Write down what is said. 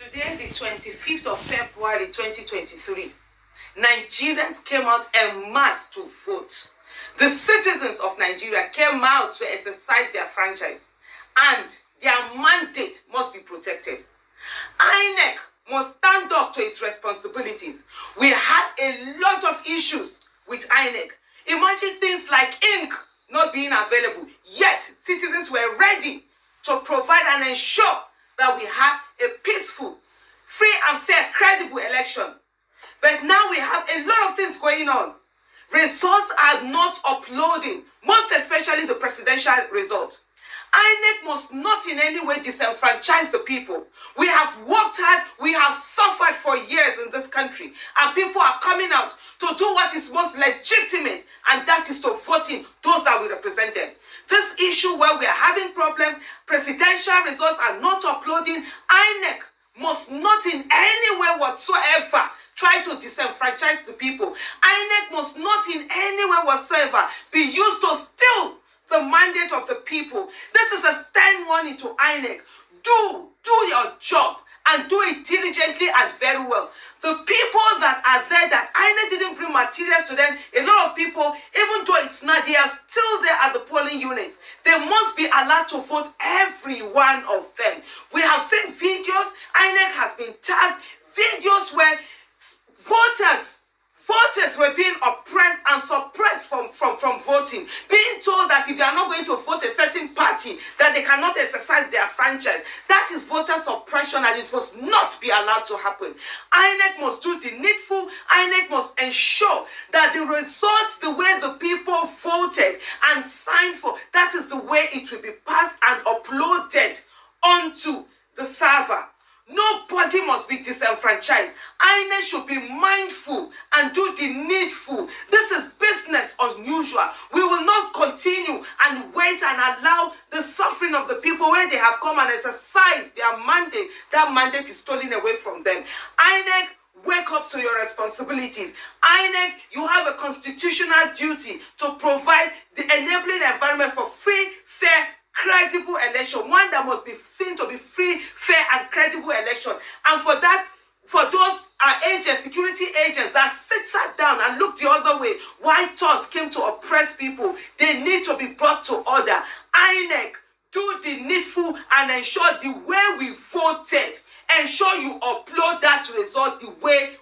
Today, the 25th of February 2023, Nigerians came out en masse to vote. The citizens of Nigeria came out to exercise their franchise and their mandate must be protected. INEC must stand up to its responsibilities. We had a lot of issues with INEC. Imagine things like ink not being available, yet citizens were ready to provide and ensure that we had a peaceful, free and fair, credible election. But now we have a lot of things going on. Results are not uploading, most especially the presidential result. INEC must not in any way disenfranchise the people. We have worked hard, we have suffered for years in this country, and people are coming out to do what is most legitimate, and that is to vote in those that we represent them. This issue where we are having problems, presidential results are not uploading, INEC must not in any way whatsoever try to disenfranchise the people. INEC must not in any way whatsoever be used to steal the mandate of the people. This is a stern warning to INEC. Do, do your job and do it diligently and very well. The people that are there that INEC didn't bring materials to them, a lot of people, even though it's not, they are still there at the polling units. They must be allowed to vote every one of them. We have seen videos, INEC has been tagged, videos where voters, voters were being oppressed and suppressed from, from voting, being told that if you are not going to vote a certain party, that they cannot exercise their franchise. That is voter suppression and it must not be allowed to happen. INEC must do the needful. INEC must ensure that the results, the way the people voted and signed for, that is the way it will be passed and uploaded onto the server. Nobody must be disenfranchised. INEC should be mindful and do the needful. This is usual. We will not continue and wait and allow the suffering of the people where they have come and exercised their mandate. That mandate is stolen away from them. INEC Wake up to your responsibilities. INEC, you have a constitutional duty to provide the enabling environment for free, fair, credible election. One that must be seen to be free, fair, and credible election. And for that, for those agents, security agents that sit sat down and looked the other way Why thoughts came to oppress people. They need to be brought to order. INEC, do the needful and ensure the way we voted. Ensure you upload that result the way